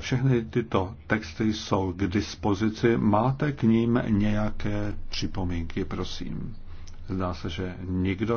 Všechny tyto texty jsou k dispozici. Máte k ním nějaké připomínky, prosím? Zdá se, že nikdo.